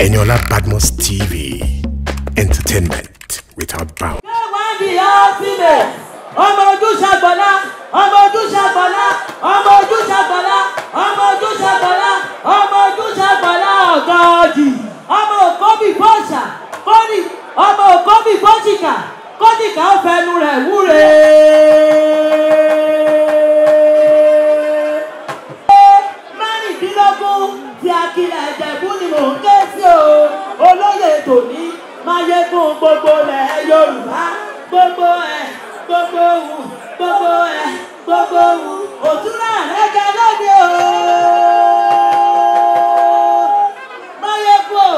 Eniola Badmus TV, entertainment without bounds. ọmọ ojúṣe àgbọ̀lá ọmọ ojúṣe àgbọ̀lá ọmọ ojúṣe àgbọ̀lá ọmọ ojúṣe àgbọ̀lá ọmọ ojúṣe àgbọ̀lá ọ̀gọ́dì ọmọ òkóbì bọ́ṣà kọ́ni ọmọ òkóbì bọ́ṣìkà kọ́nìkà ó fẹnu rẹ̀ wúre. mẹ́rìndínlógún ti akílẹ̀ ẹ̀dá o olóyè tòní máyégún gbogbo lẹ̀ yorùbá gbogbo ẹ̀ gbogbo wù gbogbo ẹ̀ gbogbo wù òtúrà lẹ́gẹ̀ lóde o. máyégún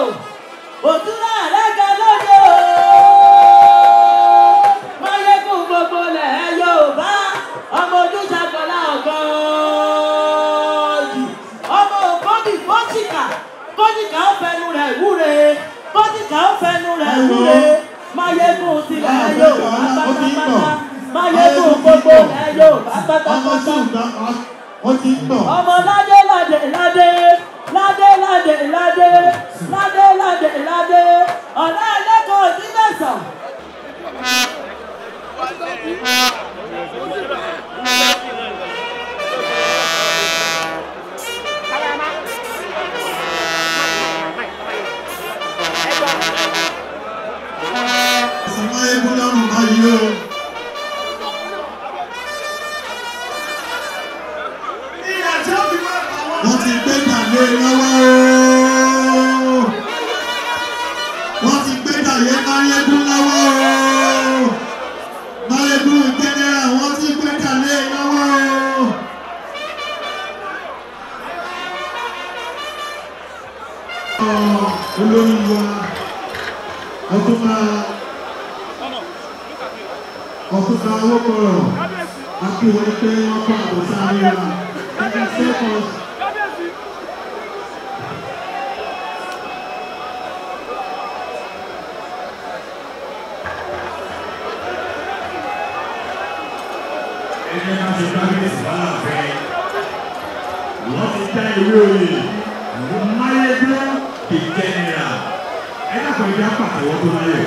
òtúrà lẹ́gẹ̀ lóde o. máyégún gbogbo lẹ̀ yorùbá ọmọ ọdún ṣàkọlá ọ̀gọ́ọ̀dì ọmọ ògbódì fọ́tìkà fọ́tìkà ó rẹ̀ wúre bọ́dìkà ó fẹnu rẹ̀ wúre máyégún tilẹ̀ Yorùbá pátápátá máyégún gbogbo ilẹ̀ Yorùbá pátápátá. ọmọ ládé ládé ládé ládé ládé ládé ládé ládé ládé ọ̀nà ẹlẹ́kọ̀ọ́ sí mẹ́sàn-án. ọmọ eégún lọ́rùn báyìí o. wọ́n ti gbé tàlé lọ́wọ́ o. wọ́n ti gbé tàlé máyégún lọ́wọ́ o. máyégún general wọ́n ti gbé tàlé lọ́wọ́ o. olórí wa ọdún máa ọ̀túnba owó kọ̀rọ̀ akíwọ̀ pé wọ́n kọ́ àbọ̀sá ríra ẹni sẹ́kọ̀ọ́. ẹgbẹ́ náà ṣe kábíyèsí wà láàfẹ́ wọ́n ti dá ìwé òye ìlú máyédúró kìkẹ́ nira ẹ̀dá kan ìdá pàtẹ́wọ́ tó máyọ̀.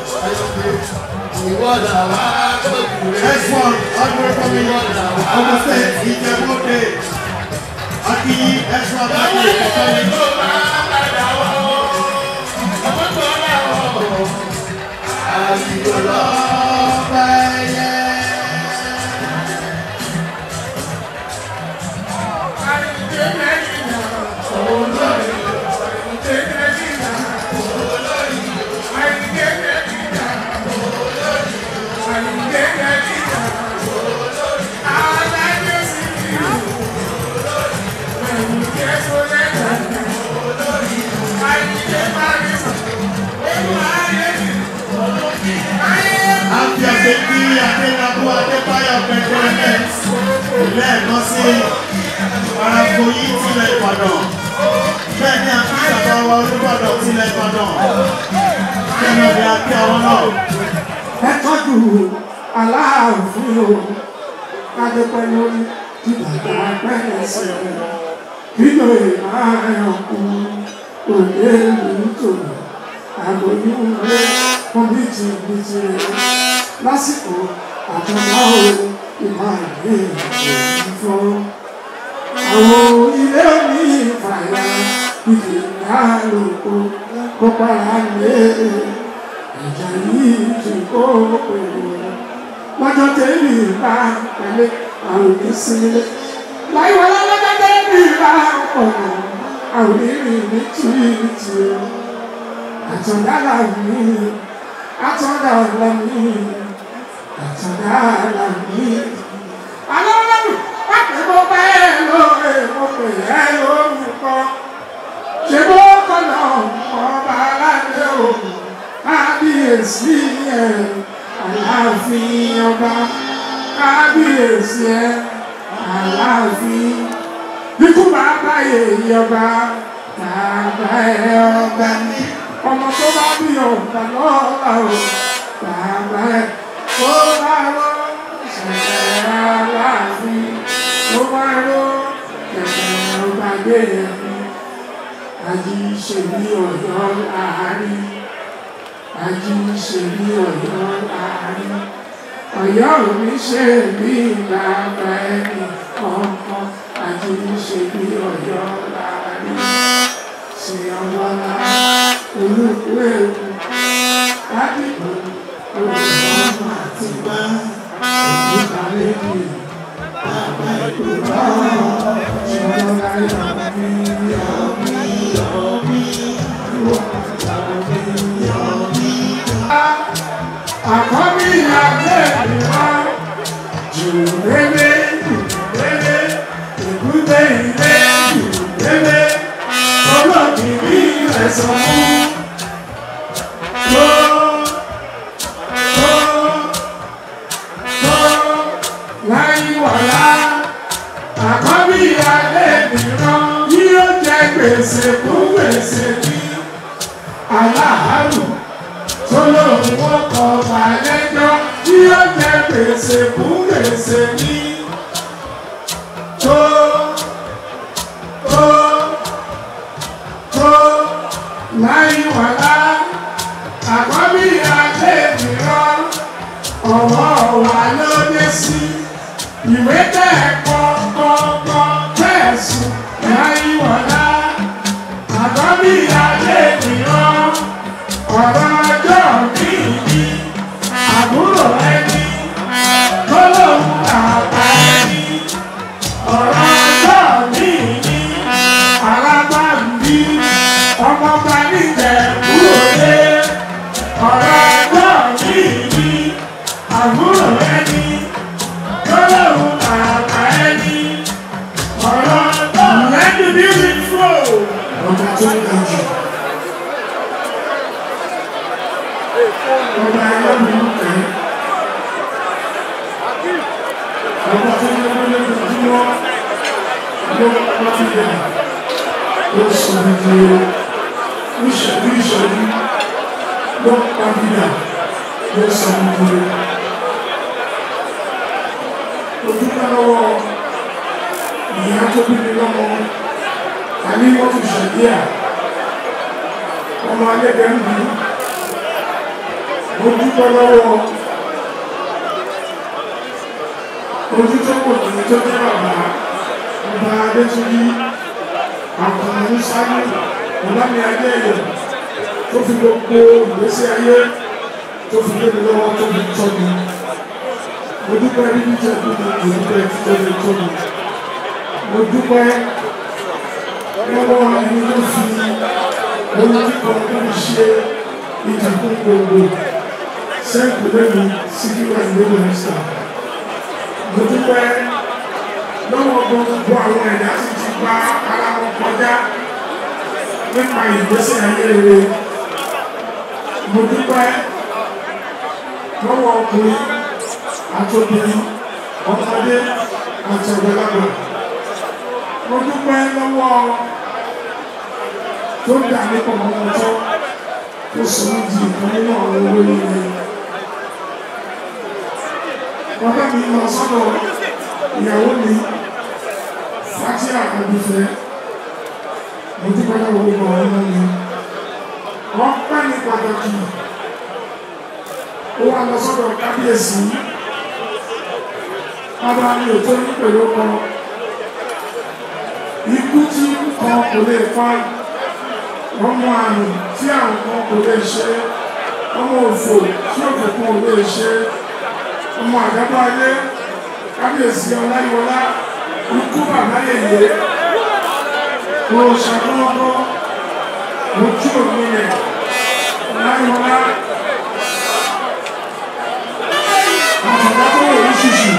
Next one, Admiral coming on the stage, Ìjẹ̀bú-Òde. Akiyi, next one, Admiral performing. Àyìnbó lọ́pẹ́. Adélábù Adébáyọ̀ pẹ̀lẹ́pẹ̀ lẹ́ẹ̀kan sí Aragoyi tilẹ̀ Ìbàdàn bẹ́ẹ̀ ni àfihàn bàbá wa Olúbàdàn tilẹ̀ Ìbàdàn nínú ìdí àti àwọn náà. Ẹ tọ́jú aláàrùn fún yòó kájọpẹ́ lórí ìbàdàn àgbẹ̀rẹ̀ sí ọ̀rọ̀ nínú ìmáàrin ọkùnrin òde ìlú tòun àgọ́yún rẹ̀ fún bíjì bíjì rẹ̀ lásìkò àtúndáwò ìmọ̀ ìwé ìfọ́. Àwọn ilé mi ìfàyà ìdè ìdáròkó kó lé ìjà yìí ti kó pẹ̀lú. Lọ́jọ́ tẹ́lẹ̀ ìbá pẹ̀lẹ́ àrùn ní sílé. Láìwọ̀ lọ́jọ́ tẹ́lẹ̀ ìbá ọ̀nà àrùn ìrìn ní tìrìtì. Àtúndáwò mi àtúndáwò mi àtàlà mi. Alọ́lọ́run pàtó mo bá ẹ lóore mo pè ẹ lórúkọ. Ṣé bó kọ̀nà ọba aládé o? Kábíyèsí ẹ̀ Aláàfin ọba. Kábíyèsí ẹ̀ Aláàfin. Ikú bàbá yèyí ọba tó bá rọ́ ṣẹ̀ṣẹ̀ aláàfin tó bá rọ́ ṣẹ̀ṣẹ̀ ọgbàgbé ẹ̀mí àjí ṣèbí ọ̀yọ́ àárín àjí ṣèbí ọ̀yọ́ àárín ọ̀yọ́ mi ṣe bí bàbá ẹni ọmọ àjí ṣèbí ọ̀yọ́ àárín ṣe ọmọlá olùkú ẹ̀kú láti bọ̀ ti bá ìbàlẹ̀ mi bàbá ìkúrọ̀ ìrora ìyá mi yọ mí yọ mí ìwà ìyá mi yọ mí. Àkọ́bí àgbẹ̀ mi Esse por esse látìlẹ̀ ó sọ wípé ó ṣẹ́jú ìṣẹ́jú ló padìyà ó sọ wípé ojúmọ́ lọ́wọ́ ìyá tó bí mi lọ́mọ àní wọ́n ti ṣẹ̀dí à ọmọ alẹ́gẹ̀ ń bí ojúmọ́ lọ́wọ́ ojú tó kò ọba adétúbí àkànmú sáyé ọlámi adéyẹ tó fi gbogbo ìgbésí ayé tó fi lé mi lọ́wọ́ tó fi tọ́ mi mo dúpẹ́ nínú jẹ́ bí mi kì í bẹ́ẹ̀ ti tọ́ mi tọ́ mi mo dúpẹ́ lọ́wọ́ ẹni tó fi ohun kíkọ tó fi ṣe ìtàkùn gbogbo sẹ́ńkù lẹ́nu síkírọ̀ ìlú ìlú ìsà lọ́wọ́ gbogbo àwọn ẹ̀dá sì ti gba ara wọn kọjá nípa ìgbésẹ̀ ayé rere mo dúpẹ́ lọ́wọ́ ọkùnrin àtòbìnrin ọmọdé àti ọ̀gbẹ́lágbà mo dúpẹ́ lọ́wọ́ tó ń dà nípa ọmọ tó sọ ní di ìkan nínú àwọn owó yìí bàbá mi lọ sọ́dọ̀ ìyàwó mi. Saksi àkàndífẹ́, mo ti kọ́lá orí mọ̀ ọ́n lọ́nà. Wọ́n pẹ́ ní pàtàkì, ó wà lọ sọ́dọ̀ kábíyèsí. Bàbá mi ò tó ní pẹ̀lú ọkọ. Ikú tí kan kò lè pa, wọ́n mú àrùn tí àrùn kan kò lè ṣe, ọmọ òfò tí òkùnkùn ò lè ṣe, ọmọ àgábáyé, nkúbà náyẹ yẹ òṣàlọ́wọ́ ojú òní yẹ náyọ̀lá àbàdà tó wọ̀ ní ṣíṣì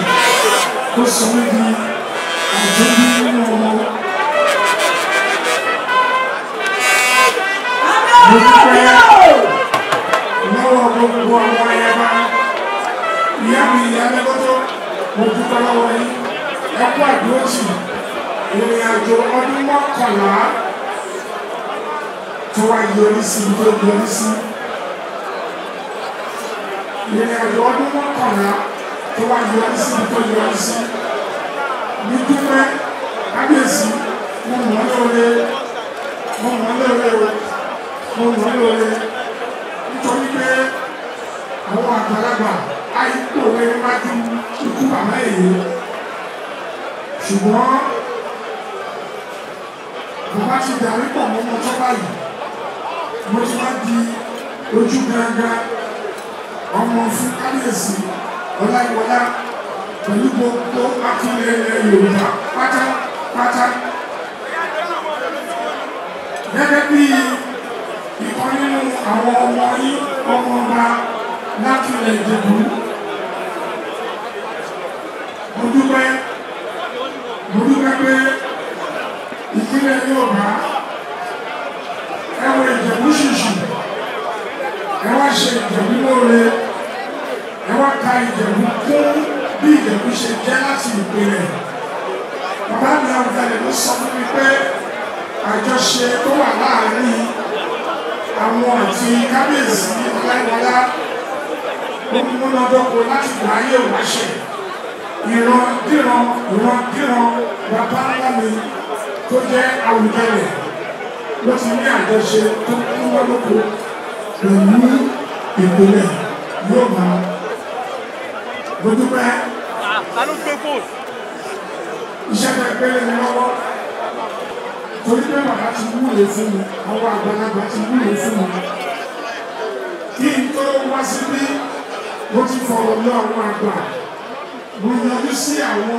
kó sọ mí di àjọ bí nínú ọmọ. Mo dúpẹ́ lọ́wọ́ gbogbo àwọn ẹ̀yẹ́ bá ìyá mi ìyá mi lọ́jọ́ mo dúpẹ́ lọ́wọ́ yìí ọkọ̀ àdóòjì ìrìn àjò ọdún mọ́kànlá tó wá yọrí sí tó yọrí sí ìrìn àjò ọdún mọ́kànlá tó wá yọrí sí tó yọrí sí ní dúpẹ́ ábíyèsí mo mọ̀ lóore mo mọ̀ lóore o mo mọ̀ lóore nítorí pé àwọn àgbàlagbà àyíkò rẹ̀ wájú ikú bàbá èyí ṣùgbọ́n mo bá ti darí pọ̀ mọ́ ọmọ tó báyìí mo ti wá di ojú gangan ọmọ fún kábíyèsí ọláyíwọlá pẹ̀lú gbogbo akínyẹ̀yẹ yorùbá pátápátá gẹ́gẹ́ bí ìkan nínú àwọn ọmọ yín ọmọ ọba láti ilẹ̀ ìjẹ̀bú mo jẹ́ pé ìpínlẹ̀ Yorùbá ẹ wọ Ìjẹ̀bú ṣùṣù ẹ wá ṣe Ìjẹ̀bú lóore ẹ wá ka Ìjẹ̀bú kún bí Ìjẹ̀bú ṣe jẹ́ láti ìpínlẹ̀ bàbá mi àgbàlẹ̀ ló sọ fún mi pé àjọṣe tó wà láàárín àwọn àti kábíyèsí ọláìwọlá ó múnádóko láti gbà ayé òwáṣẹ ìran díran ìran díran bàbá ńlá mi tó jẹ́ Awùjalẹ̀ ló ti ní àjọṣe tó kún lọ́lọ́kọ pẹ̀lú ìpínlẹ̀ yóò máa gbójú pẹ́. iṣẹ́ náà gbélé mi lọ́wọ́ torí pé bàbá ti wúlò fún mi àwọn àgbàlagbà ti wúlò fún mi kí n tó wá síbí mo ti fọ̀rọ̀ lọ àwọn àgbà mo yọjú sí àwọn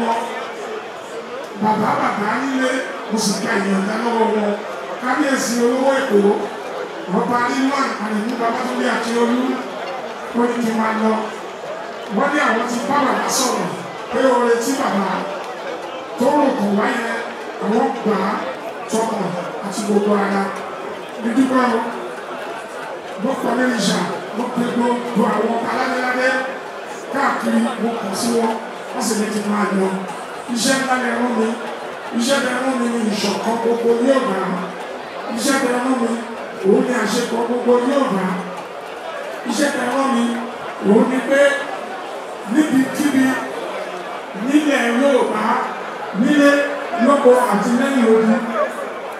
bàbá bàbá nílé mo sì ka ìyọ̀ǹda lọ́wọ́ wọn kábíyèsí olówó èkó ọba rilwan àlèmú babatunde akérolú ó ní kí n máa lọ wọ́n ní àwọn ti bá bàbá sọ̀rọ̀ pé o retí bàbá tó rò kàn wáyé àwọn gbà á tọkàn àti gbogbo ara dídúgbò mo kọ́ lórí ìṣà mo pe gbogbo àwọn aládéládé káàkiri mo kàn sí wọn ọsẹ mi ti máa yọ iṣẹ́ ńlá lè rún mi iṣẹ́ lè rún mi ní ìṣọ̀kan gbogbo yóò bá iṣẹ́ lè rún mi òun ní àṣepọ̀ gbogbo yóò bá iṣẹ́ lè rún mi òun ní pé níbikíbi nílẹ̀ yóò bá nílé lóko àti lẹ́yìn odi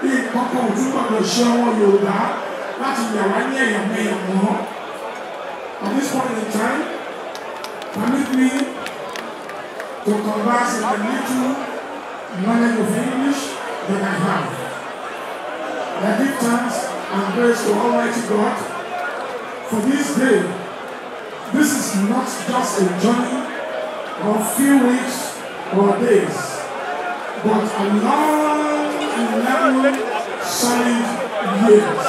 bí kọ́kọ́ òtún gbọ́dọ̀ ṣe ọwọ́ Yorùbá láti yà wá ní ẹ̀yàmẹ̀yà mọ́ at this point in time permit me. to converse in the little knowledge of English that I have. I give thanks and praise to Almighty God for this day. This is not just a journey or few weeks or days, but a long long, solid years.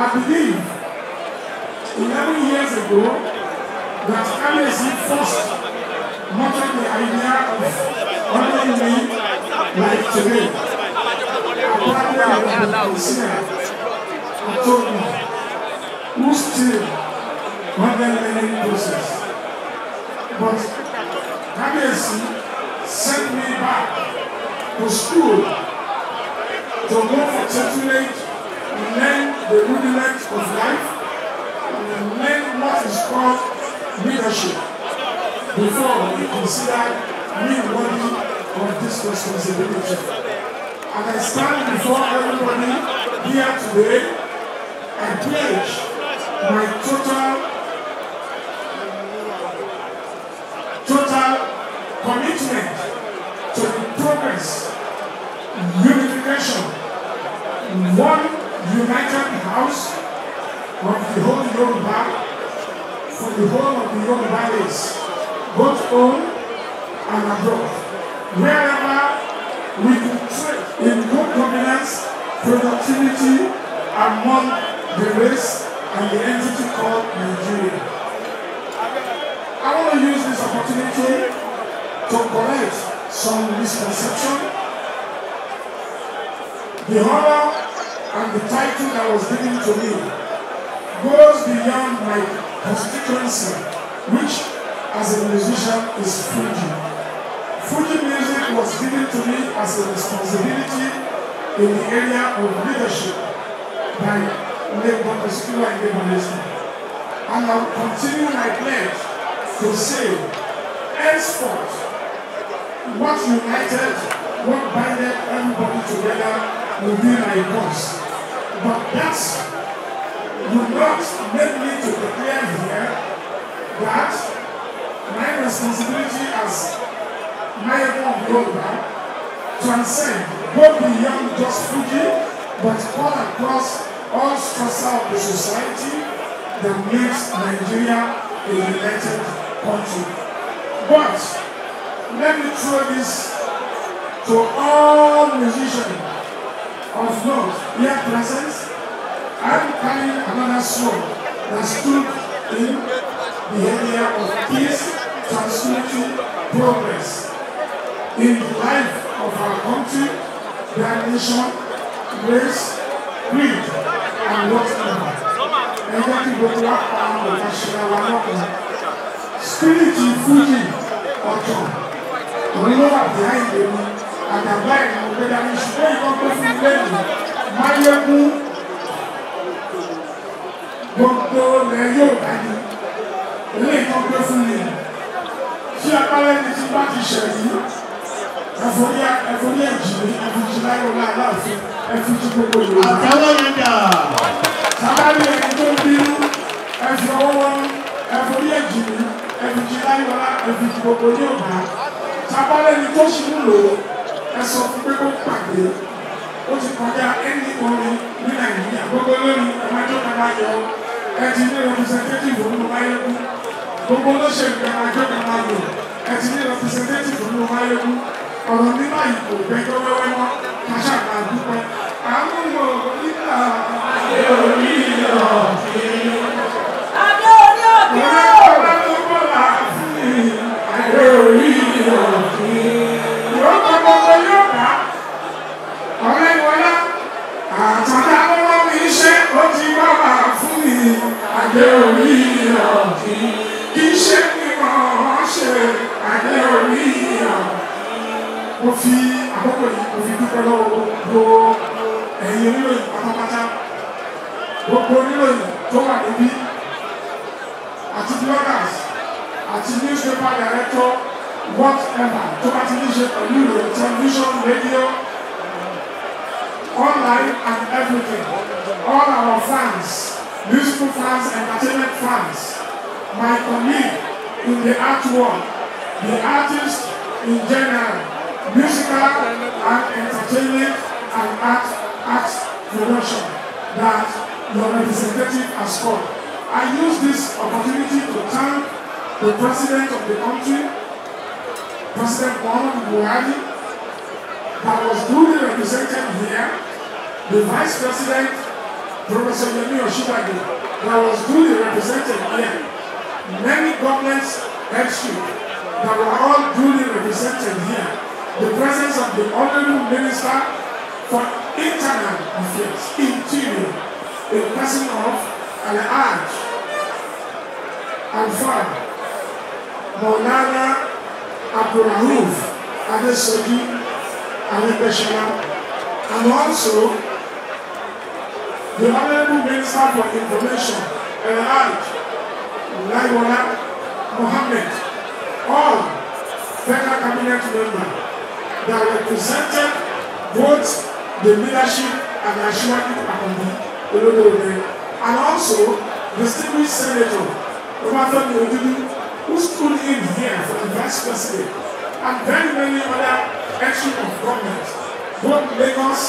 I believe 11 years ago that MSC first not the idea of honoring me like today. Apparently, I was a sinner. I told me, who still honored me in process? But Kabesi uh, sent me back to school to go for certificate, and learn the rudiments of life and learn what is called leadership. before, we consider new money or of this responsibility. And I stand before everybody here today and pledge my total total commitment to the progress, unification, one united house of the whole Yoruba for the whole of the Yoruba race both home and abroad. Wherever we can trade in good governance, productivity among the race and the entity called Nigeria. I want to use this opportunity to correct some misconception. The honor and the title that was given to me goes beyond my constituency, which as a musician is Fuji. Fuji music was given to me as a responsibility in the area of leadership by Labour Muscular and Liberation. And I'll continue my pledge to say, henceforth, what united, what binded everybody together will be my cause. But that will not make me to declare here that responsibility as mayor of Yoruba transcend, go beyond just Fuji, but all across all strata of the society that makes Nigeria a united country. But let me throw this to all musicians of note here present. I'm carrying another soul, that stood in the area of peace transformative progress in the life of our country, their nation, race, creed, and whatever. Ẹgbẹ́ tí gbogbo wa pa àwọn ìfàṣẹ́ra wa lọ́kàn. Spiriti Fuji ọ̀tọ̀ òun ló wà bí àìlè mi. Àdàgbà ìrìn òwe dání ṣùgbọ́n ìkan tó fi lẹ́yìn Máyégún gbogbo lẹ́yìn òbá Ilé ìkan tó fún mi tí agbára ẹni tí bá ti ṣẹ̀ yìí ẹ̀fọ́rí ẹ̀fọ́rí ẹ̀jìnrí ẹ̀fọ́jì láyọ̀ láàláàfin ẹ̀fọ́jì gbogbo ìlú. àtàwọn yẹn dà. sábàbí ẹni tó bínú ẹ̀fọ́ wọn ẹ̀fọ́rí ẹ̀jìnrí ẹ̀fọ́jì láyọ̀ láàláàfin ẹ̀fọ́jì gbogbo ní ọ̀gá sábàbí ẹni tó ṣì ń lò ẹ̀sọ́ fún pé kó pàdé ó ti kọjá ẹni orin ní Nàìjíríà gbogbo lónìí ẹ̀ gbogbo olóṣèlú kan àjọ kan máa lò ẹ ti ní representative nínú wáyé mú ọ̀rọ̀ nínú àyíkò gbẹjọ wẹ́wẹ́ mọ́ káṣá máa dúpẹ́ àánú mọ̀ nígbà àdé orí ọ̀fìn. àdé orí ọ̀fìn. ọ̀rẹ́ ọ̀rẹ́ ló bọ̀ láàfin àdé orí ọ̀fìn. ìrọ́pọ̀ gbogbo yóò bá ọ̀rẹ́ wọlá àtàkà lọ́wọ́ mi ṣe ó ti àdéhà orí ìyàn mo fi àkókò yìí mo fi dúpẹ́ lọ́wọ́ gbogbo ẹ̀yin oníròyìn pátápátá gbogbo oníròyìn tó wà níbí àti bloggers àti newspaper director whatever tó bá ti ní ṣe pẹ̀lú ìròyìn television radio online and everything all our fans musical fans entertainment fans my colleague in the art world the artists in general, musical and entertainment and art, arts production that your representative has called. I use this opportunity to thank the president of the country, President Mohamed Buhari, that was duly represented here, the vice president, Professor Yemi Oshibagi, that was duly represented here, many governments, headship, that we are all duly represented here, the presence of the Honorable Minister for Internal Affairs, Interior, in person of Al-Aj, and far Maulana Abdurrahuf, Adesoji, Adebeshala, and also the Honorable Minister for Information, an arch Laiwala Mohammed, all federal cabinet members that represented both the leadership and assured Akondi Olodore, and also distinguished Senator Obafemi Ojubi, who stood in here for the vice president, and very many other action of government, both Lagos,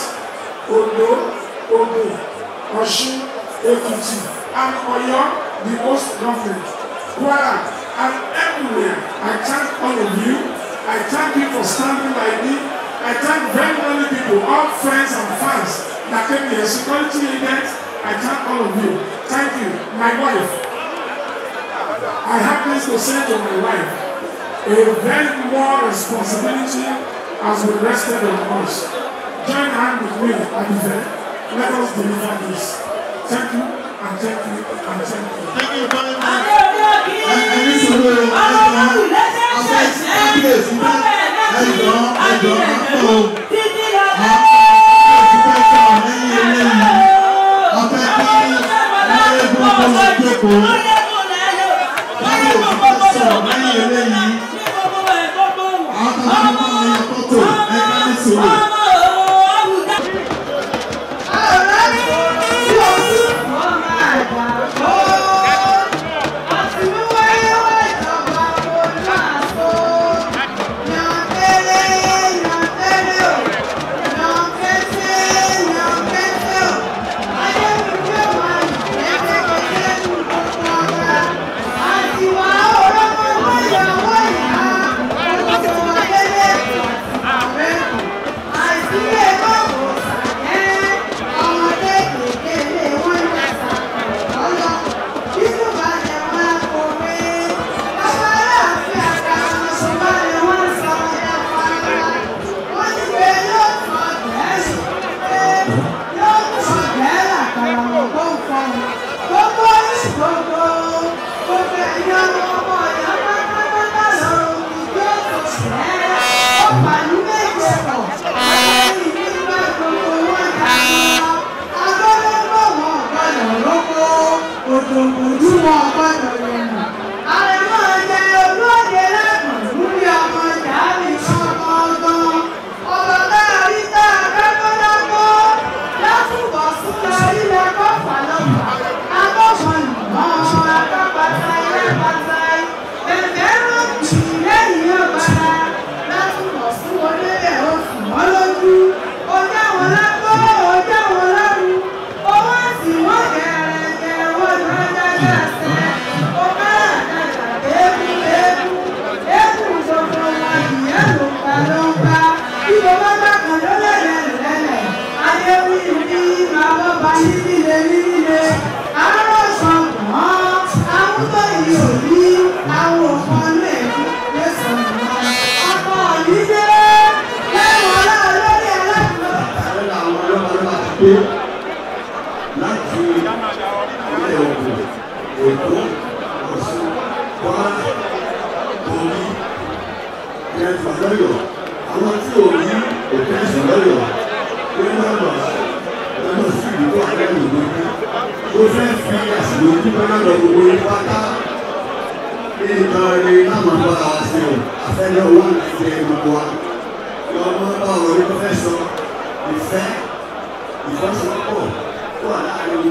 Ondo, Ondo, Osun, Ekiti, and Oyo, the host government, Kwara, I'm everywhere. I thank all of you. I thank you for standing by me. I thank very many people, all friends and fans that came here, security agents. I thank all of you. Thank you. My wife. I have this to say to my wife. A very more responsibility has been rested on us. Join hand with me, at Abife. Let us deliver this. Thank you. Thank you very much. Ẹni sọ̀rọ̀ ẹ̀dùn afẹ́ kábíyèsí ẹ̀dùn ẹ̀dùn àpò àpò ẹ̀dùn ẹ̀dùn afẹ́ kábíyèsí ẹ̀dùn ẹ̀dùn àpò.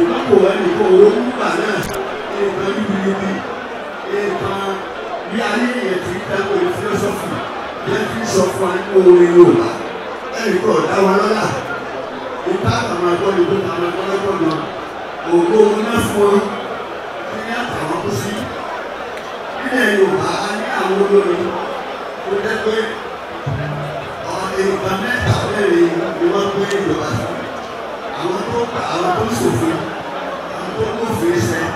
ìmọ̀kò ẹnìkan owó nígbà náà nǹkan yúbiyúbi nǹkan bí ayé yẹn ti dáwọ́ ìfíọ́sọ́fì yẹn ti sọ fún wa nínú orin Yorùbá ẹnì kan ọ̀dá wa lọ́la ìta àwọn agbọ́ni tó ta àwọn agbọ́ni tó lọ ògo náà fún wọn kí ní àtàwọn kú sí nílẹ̀ Yorùbá a ní àwọn olórin tó jẹ́ pé ọ̀ èèkàn mẹ́ta mẹ́rin ni wọ́n gbé Yorùbá sí. Agora o povo sofreu. Agora o povo fez, né?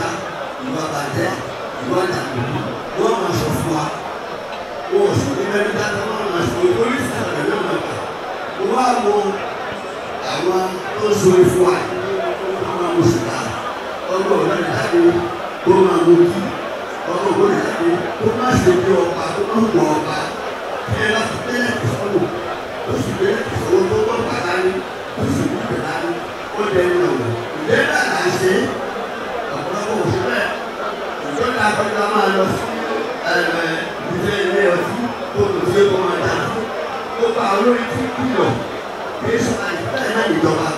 ọ̀dà ìwà bàjẹ́ ìwà jàǹdùkú wọ́n máa sọ fún wa wọ́n ò sì ní mẹ́rin dáná wọ́n máa sọ fún wa orí ìsìn àgbẹ̀ náà máa kà wọ́n á mọ àwọn tó ń so ìfọ̀ àyè wọ́n máa mú sìgá ọgbọ́n ọ̀dà ìdáde wọ́n máa mú kí ọgbọ́n ọ̀dà ìdáde wọ́n máa ṣe bí ọba tó máa wọ ọba kí ẹ láti bẹ́ẹ̀ sọ́wọ́ ó sì bẹ́ẹ̀ sọ́wọ́ tó wọ́n pàdánù ó sì bẹ́ẹ̀ pàdánù ó dẹ́nu ọ̀wọ́ ìdẹ́gbà là ṣe é. máa lọ sí ìṣe ilé ọtí tó lò sí ẹ̀kọ́ máa dà ó bá olórí tí kìlọ̀ kí sọ àyíká náà ìjọba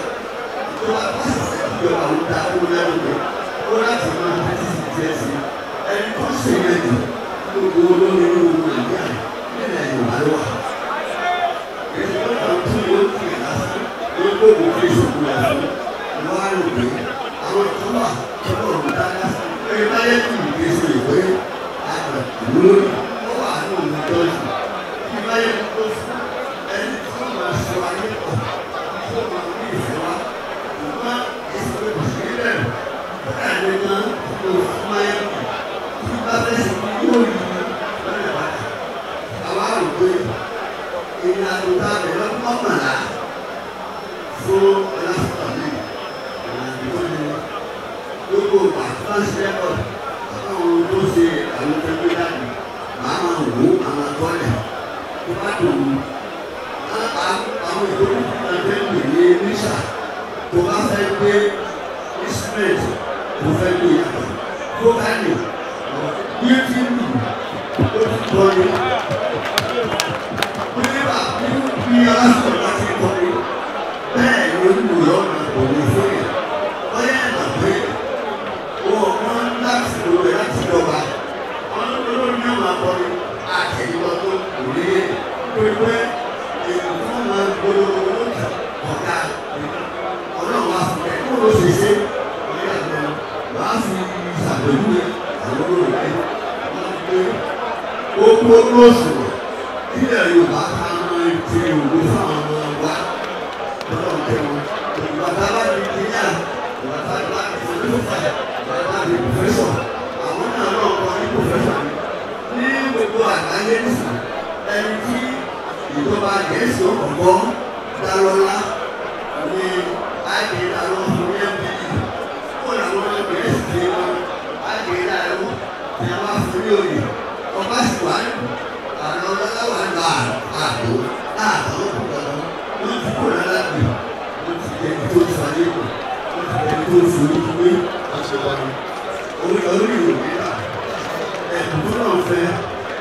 ìjọba pàṣẹ ìjọba ló dá owó lẹ́nu mi ó láti máa tẹ́tí sí tiẹ̀ sí ẹni tó ṣe yẹn jù gbogbo olórí ní ogun nàìjíríà nílẹ̀ yorùbá ló wà ìṣòro kan tí ó ti rà sí ó gbogbo fi ìṣòro rẹ̀ fún ìwárò pé àwọn ìjọba ìjọba òun dá lásán ẹ̀rí Hallelujah.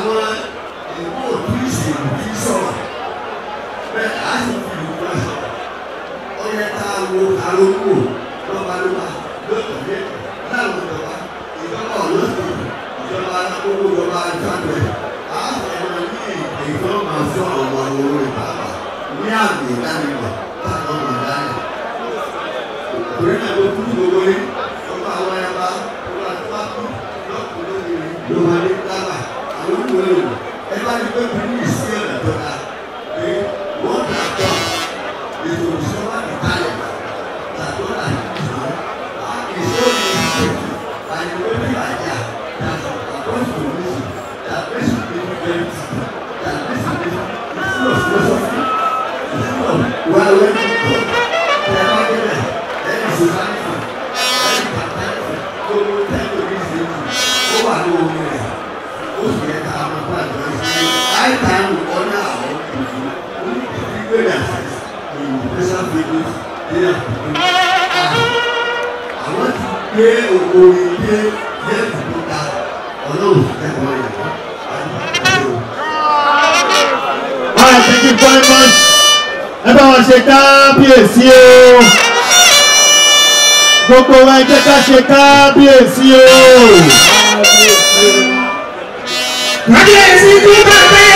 àwọn ìlú òkúrìsì kì í sọ̀rọ̀ bẹ́ẹ̀ á sì fi ìlú kan sọ̀rọ̀ ó yẹ ká wo arógbò lọ́balọ́ba láwọn ìjọba ìjọba ọ̀lọ́sìn ìjọba alákòókò ìjọba ajáde á sọ̀rọ̀ ní ìgbésọ̀ máa sọ ọ̀wọ́ ìbára ní àmì ìdánimọ̀ táwọn ọmọ ìdáyà òkúrẹ́ náà ló kú gbogbo yìí ọba àwọn ẹ̀rọ ló wà ní Thank you. thank you very much. Ẹ bá wọn ṣe kábíyèsí o. Gbogbo wa ẹ jẹ́ ká ṣe kábíyèsí o. Kábíyèsí tó bàbá.